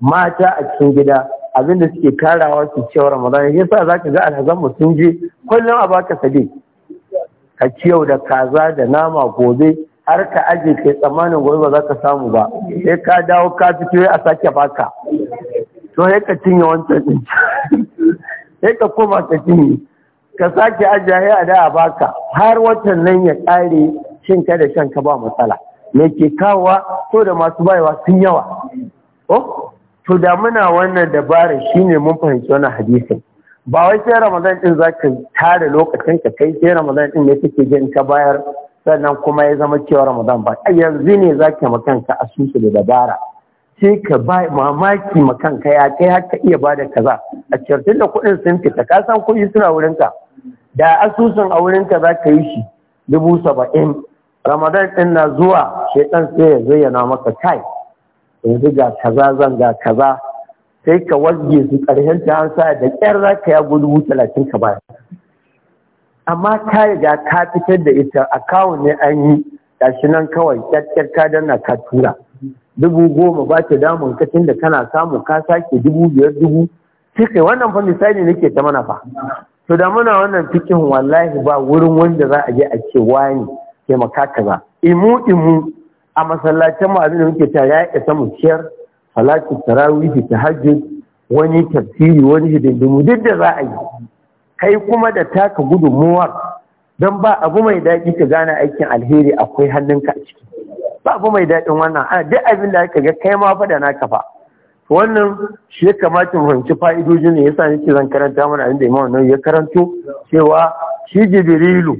mata a cikin gida abinda suke karawa su cewa ramadan ya sa zaka ga alhazanmu sun je kullum a baka sade ka ciyau da kaza da nama gobe har ka aje kai tsammanin gobe ba za ka samu ba sai ka dawo ka fito a sake baka to sai ka cinye wancan din sai ka koma ka cinye ka sake ajiye a da a baka har watan nan ya ƙare cinka ka da shan ka ba matsala ne ke kawowa so da masu bayawa sun yawa oh to da muna wannan dabarar shine mun fahimci wannan hadisin ba wai sai ramadan din ka tare lokacin ka kai sai ramadan din ne kake jin ka bayar sannan kuma ya zama cewa ramadan ba yanzu ne zaka makanka asusu da dabara sai ka ba mamaki makanka ya kai haka iya bada kaza a cikin da kuɗin sun fita ka san kuɗi suna wurinka da asusun a wurinka za ka yi shi dubu saba'in ramadan ɗin na zuwa shaitan sai ya zayyana maka kai yanzu ga kaza zan ga kaza sai ka wajge su ƙarshen ta sa da ƙyar za ka ya gudu talatin ka baya amma ka ga ka fitar da ita a akawun ne an yi gashi nan kawai ƙyar ka danna ka tura dubu goma ba ta damun ka da kana samu ka sake dubu biyar dubu sai wannan fa misali nake ta mana fa to da muna wannan fikin wallahi ba wurin wanda za a je a ce wani taimaka kaza imu imu a masallacin mu abin da muke ta ya isa mu ciyar salati tarawih tahajjud wani tafsiri wani hidindimu duk da za a yi kai kuma da taka gudunmuwar don ba abu mai daɗi ka gane aikin alheri akwai hannunka a ciki ba abu mai daɗin wannan a duk abin da aka ga kai ma fa da naka fa wannan shi ya kamata mu fahimci fa'idojin ne yasa nake zan karanta mana abin da Imam ya karanto cewa shi Jibrilu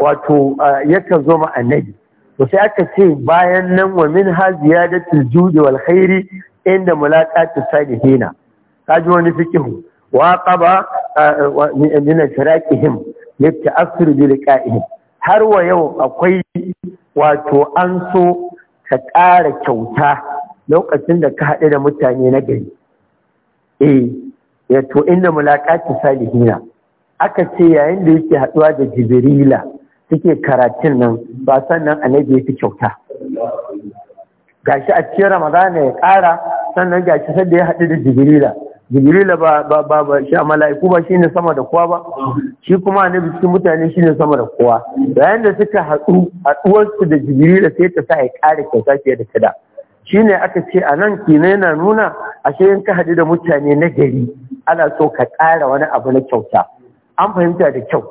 wato yakan zo ma annabi to sai aka ce bayan nan wa min ha ziyadatul judi wal khairi inda mulaqatus salihina kaji wani fikihu wa qaba min shirakihim litta'assur bi liqa'ihim har wa yau akwai wato an so ka ƙara kyauta lokacin da ka haɗu da mutane na gari eh ya to inda mulaqatus salihina aka ce yayin da yake haɗuwa da jibrila suke karatun nan ba sannan annabi ya fi kyauta gashi a cikin ramadana ya ƙara sannan gashi sadda ya haɗu da jibrila jibrila ba ba ba shi a mala'iku ba shine sama da kowa ba shi kuma annabi cikin mutane shine sama da kowa bayan da suka haɗu haɗuwarsu da jibrila sai ta sa ya ƙara kyauta fiye da kada ne aka ce a nan kina yana nuna ashe in ka haɗu da mutane na gari ana so ka ƙara wani abu na kyauta an fahimta da kyau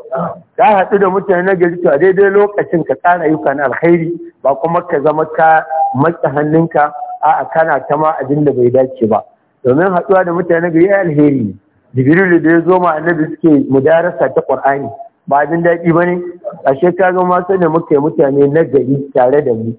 ka haɗu da mutane na gari to a daidai lokacin ka tsara ayyuka na alkhairi ba kuma ka zama ka matsa hannunka a'a kana ta ma abin da bai dace ba domin haɗuwa da mutane na gari ya alheri ne jibrilu da ya zo ma annabi suke mudarasa ta qur'ani ba abin daɗi ba ne a ka zama ma sai da muka mutane na gari tare da mu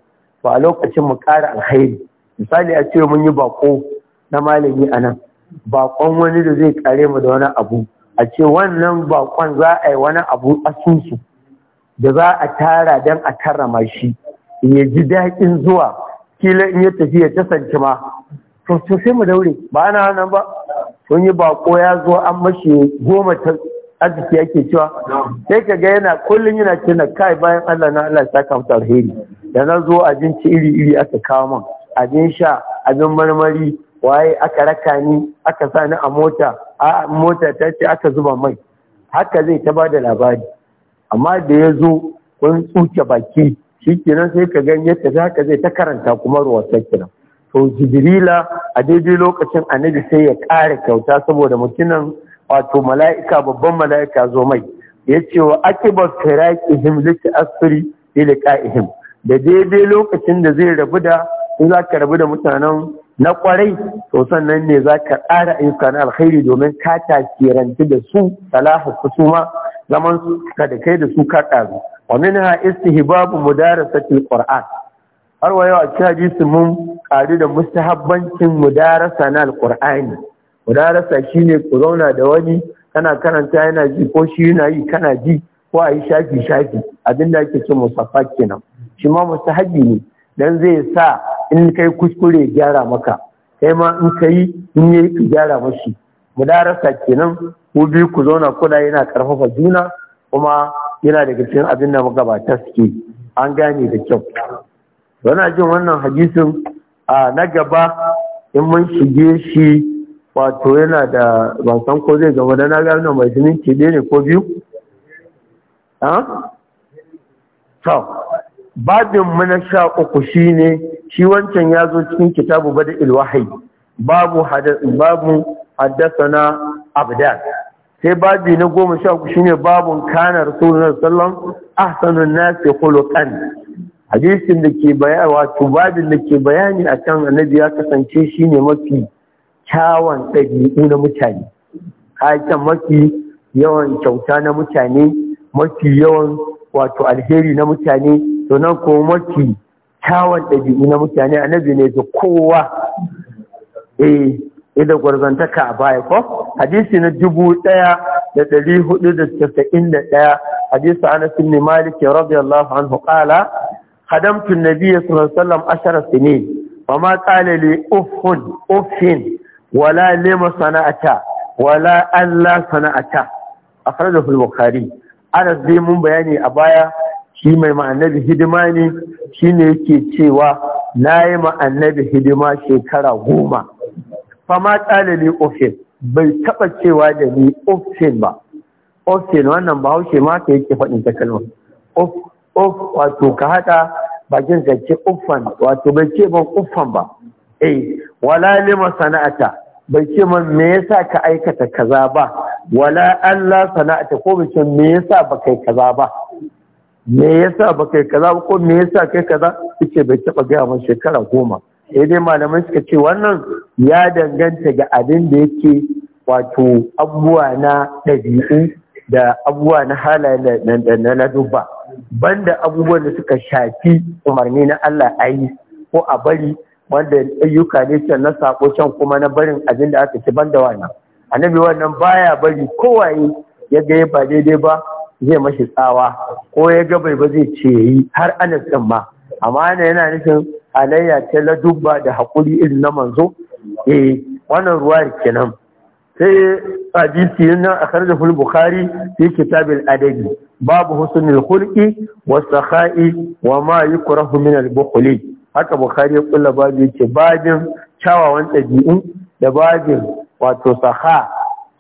ba a lokacin mu ƙara alheri. misali a ce mun yi bako na malami a nan bakon wani da zai kare mu da wani abu a ce wannan bakon za a yi wani abu asusu da za a tara don a karrama shi ya ji daɗin zuwa kila in ya tafi ya kasance ma to sai mu daure ba na nan ba sun yi bako ya zo an mashi goma ta arziki yake cewa sai ka ga yana kullum yana na kai bayan Allah na Allah ta kamta alheri da na zo abinci iri iri aka kawo min abin sha abin marmari waye aka raka ni aka sa ni a mota A'a mota ta ce aka zuba mai haka zai ta da labari amma da ya zo kun tsuke baki shi kenan sai ka gan yadda za ka zai ta karanta kuma ruwasa kenan to jibrila a daidai lokacin annabi sai ya ƙara kyauta saboda mutumin wato mala'ika babban mala'ika zo mai ya ce wa ake akibar firaqihim liki asiri ila ka'ihim da daidai lokacin da zai rabu da in za ka rabu da mutanen na kwarai to sannan ne za ka ƙara ayyuka na alkhairi domin ka tasiranci da su salahu kusuma zaman su ka da kai da su ka ƙaru wa minha istihbabu mudarasati alquran har wa yau a cikin hadisi mun ƙaru da mustahabbancin mudarasa na alqur'ani mudarasa shine ku zauna da wani kana karanta yana ji ko shi yana yi kana ji ko a yi shafi shafi abinda ake ce musaffa kenan shi ma mustahabi ne dan zai sa in kai kuskure gyara maka kai ma in kai in yi ka gyara mashi mudarasa kenan ku biyu ku zauna kuna yana karfafa juna kuma yana daga cikin abin da magabata suke an gane da kyau Wana jin wannan hadisin a na gaba in mun shige shi wato yana da ban ko zai gaba da na ga mai siminti ɗaya ne ko biyu? Ha? babin mana sha uku shine shi wancan ya zo cikin kitabu bada ilwahi babu babu haddasana abdan sai babi na goma sha uku shine babu kana rasulullah sallallahu ahsanun nasi khuluqan hadisin da ke bayani wato babin da ke bayani akan annabi ya kasance shine mafi kyawun ɗabi'u na mutane kayan mafi yawan kyauta na mutane mafi yawan wato alheri na mutane to nan ko mafi kyawun ɗabi'u na mutane annabi ne da kowa eh ida gwarzantaka a baya ko hadisi na dubu ɗaya da ɗari hudu da casa'in da ɗaya hadisi anas ibn malik radiyallahu anhu qala khadamtu an-nabiy sallallahu alaihi wasallam ashara sinin wa ma qala li uffun uffin wala lima sana'ata wala alla sana'ata akhrajahu al-bukhari anas dai mun bayani a baya shi mai ma'annabi hidima ne shi ne yake cewa na yi ma'annabi hidima shekara goma fama ne ofin bai taɓa cewa da ni ofin ba ofin wannan ba haushe ma yake faɗin ta of wato ka haɗa bakin zance ofan wato bai ce ban ofan ba eh wala lima sana'ata bai ce man me yasa ka aikata kaza ba wala Allah sana'ata ko bai ce me yasa ba kai kaza ba me yasa ba kai kaza ko me yasa kai kaza yace bai taba gaya mun shekara goma sai dai malamai suka ce wannan ya danganta ga abin da yake wato abubuwa na ɗabi'u da abubuwa na halaye na na dubba banda abubuwan da suka shafi umarni na Allah a yi ko a bari wanda ayyuka ne can na sako can kuma na barin abin da aka ci banda wannan annabi wannan baya bari kowaye ya ga ba daidai ba zai mashi tsawa ko ya ga bai ba zai ce yi har anas din ma amma yana nufin halayya ta ladubba da hakuri irin na manzo eh wannan ruwa kenan sai hadisi na akhrajahu al-bukhari fi kitab al-adabi babu al khulqi wa sakha'i wa ma yukrahu min al-bukhli haka bukhari ya kulla babu yake babin kyawawan ɗabi'u da babin wato sakha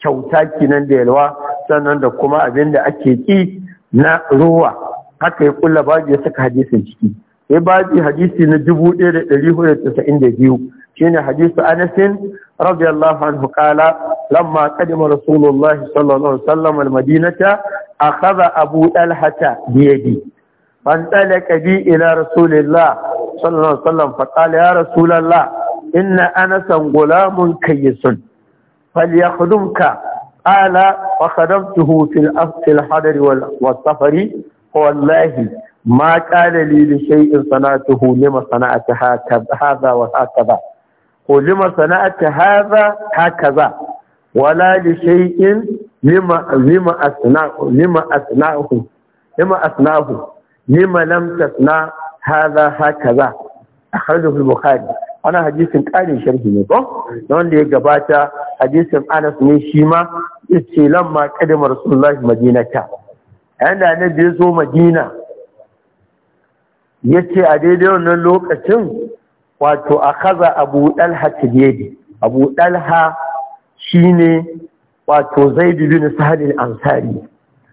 kyauta kinan da yalwa sannan da kuma abin da ake ki na ruwa haka ya kulla babu ya saka hadisin ciki sai babu hadisi na dubu ɗaya da da da ɗari 1492 shine hadisu Anasin, radiyallahu anhu qala lamma qadima rasulullahi sallallahu alaihi wasallam almadinata akhadha abu talhata bi yadi فانطلق بي إلى رسول الله صلى الله عليه وسلم فقال يا رسول الله إن أنسا غلام كيس فليخدمك qala wa khadamtuhu fil afil hadari wal wallahi ma qala li li shay'in sana'atuhu lima sana'ati hadisin ƙarin sharhi wanda ya gabata hadisin Anas ne Shima. yace lamma kadima rasulullahi madinata yanda annabi ya zo madina yace a daidai wannan lokacin wato akaza abu dalha tijedi abu dalha shine wato zaid bin sahal al-ansari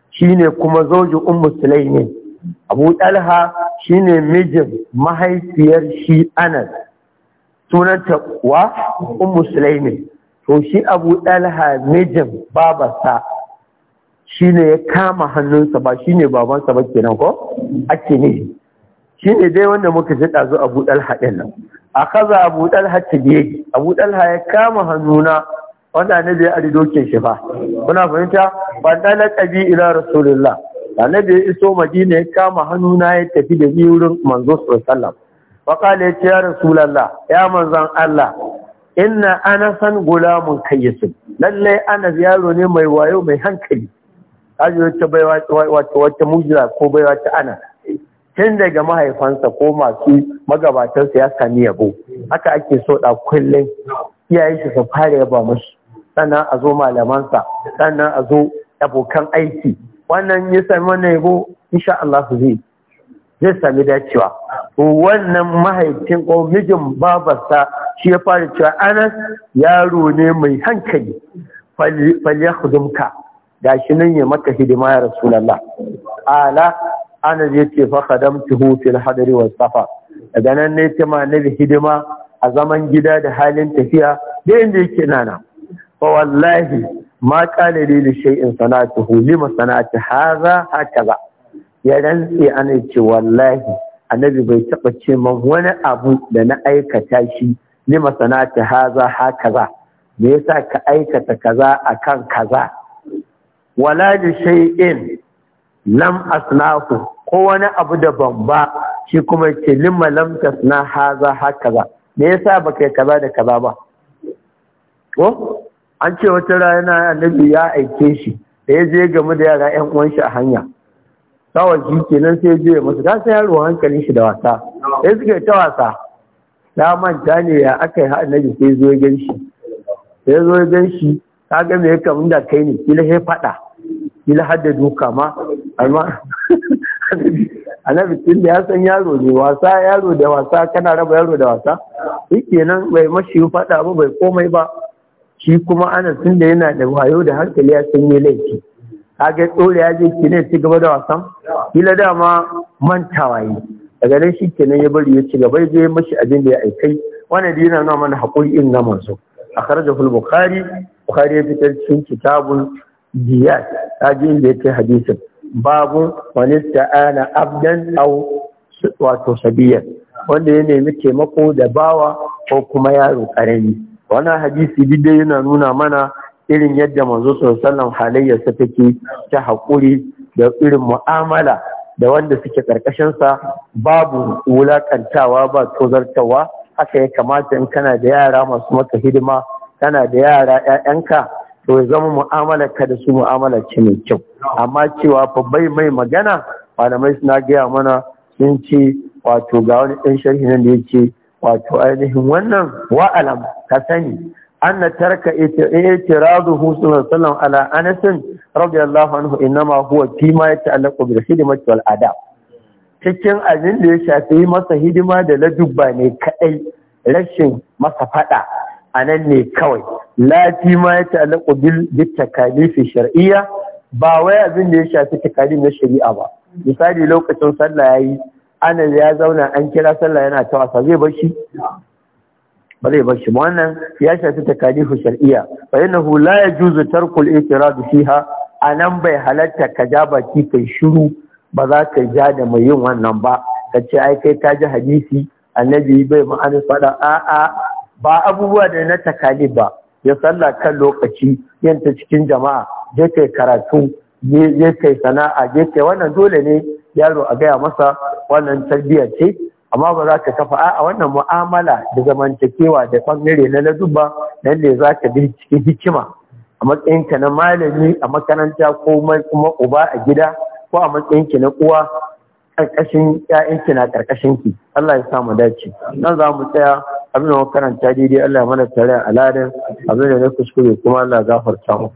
shine kuma zauji ummu sulaimi abu dalha shine mijin mahaifiyar shi anas sunanta wa ummu sulaimi to shi abu ɗalha mijin babarsa shi ne ya kama hannunsa ba shi ne babansa ba kenan ko ake ne shi ne dai wanda muka ji ɗazu abu ɗalha ɗin nan a kaza abu ɗalha ta biye abu ɗalha ya kama hannuna wanda ne ya ari dokin shi ba kuna fahimta ban ɗala ƙabi ila rasulullah ne ya iso madina ya kama hannuna ya tafi da ni wurin manzo sallallahu alaihi wasallam ya ce ya rasulallah ya manzan allah inna anasan gulamun kayyisin lallai ana yaro ne mai wayo mai hankali kaji wacce bai wata mujira ko bai wata ana tun daga mahaifansa ko masu magabatarsa ya sami yabo haka ake so da kullum iyayen shi su fara yaba musu sannan a zo malamansa sannan a zo abokan aiki wannan ya sami wannan yabo insha Allah su zai zai sami dacewa wannan mahaifin ko mijin babarsa shi ya fara cewa anas yaro ne mai hankali falle hudumka da shi nan ya maka hidima ya rasu rasulallah ala anas ya ce fa khadamtuhu fil hadari wa safa daga nan ne ta ma na hidima a zaman gida da halin tafiya da inda yake nana fa wallahi ma qala li shay'in sana'atuhu lima sana'ati hadha hakaza ya rantse ana ce wallahi annabi bai taɓa ce man wani abu da na aikata shi ni masana'ati haza ha kaza me yasa ka aikata kaza akan kaza wala da shay'in lam asnahu ko wani abu da ban ba shi kuma ce limma lam tasna haza ha kaza me yasa baka yi kaza da kaza ba ko an ce wata rana annabi ya aike shi da ya je game da yara 'yan uwan shi a hanya kawai shi kenan sai juya musu ta sai yaro hankalin shi da wasa sai suka ta wasa ya manta ne ya aka yi annabi sai zo gan shi sai zo gan shi ka ga me yake da kai ne kila sai fada kila har duka ma amma annabi tun da ya san yaro ne wasa yaro da wasa kana raba yaro da wasa shi kenan bai mashi fada ba bai komai ba shi kuma ana tun da yana da wayo da hankali ya sanye laifi kaga ɗorewa ya je kine ci gaba da wasan kila dama mantawa yi daga nan shi kenan ya bari ya ci gaba ya je mashi abin da ya aikai wannan da yana nuna mana haƙuri in na manzo a karjaful bukhari bukhari ya fitar cikin kitabun diyat kaji inda ya kai hadisin babu wani ta'ana abdan aw wato sabiyar. wanda ya nemi taimako da bawa ko kuma yaro karami wannan hadisi duk yana nuna mana irin yadda manzo sallallahu halayyarsa take ta haƙuri da irin mu'amala da wanda suke ƙarƙashinsa babu wulaƙantawa ba tozartawa haka ya kamata in kana da yara masu maka hidima kana da yara ƴaƴanka, to ya zama mu'amala ka da su mu'amala ce mai kyau amma cewa fa bai mai magana malamai suna gaya mana sun ce wato ga wani ɗan sharhi nan da ya ce wato ainihin wannan wa'alam ka sani أن ترك اعتراض صلى الله عليه وسلم على أنس رضي الله عنه إنما هو فيما يتعلق بالخدمة والأداء cikin abin da ya shafi masa hidima da ladubba ne kaɗai rashin masa faɗa a nan ne kawai lafi ma ya ta'allaku bil takalifi shar'iyya ba wai abin da ya shafi takalif na shari'a ba misali lokacin sallah yayi ana ya zauna an kira sallah yana ta wasa zai bar shi ba zai bar shi ba wannan ya shafi takalifu shar'iyya fa innahu la yajuzu tarkul i'tirad fiha anan bai halatta ka ja baki kai shiru ba za ka ja da mai yin wannan ba ka ce ai kai ka ji hadisi annabi bai fada faɗa a'a ba abubuwa da na takalif ba ya sallah kan lokaci yin ta cikin jama'a je kai karatu je kai sana'a je kai wannan dole ne yaro a gaya masa wannan tarbiyya ce amma ba za ka kafa a wannan mu'amala da zamantakewa da ɓangare na ladubba nan ne za ka bincike hikima a matsayinka na malami a makaranta ko kuma uba a gida ko a matsayinki na uwa ƙarƙashin ƴaƴanki na ƙarƙashin ki Allah ya sa mu dace nan za mu tsaya abin da makaranta daidai Allah ya mana tare a ladan abin da na kuskure kuma Allah ya gafarta mu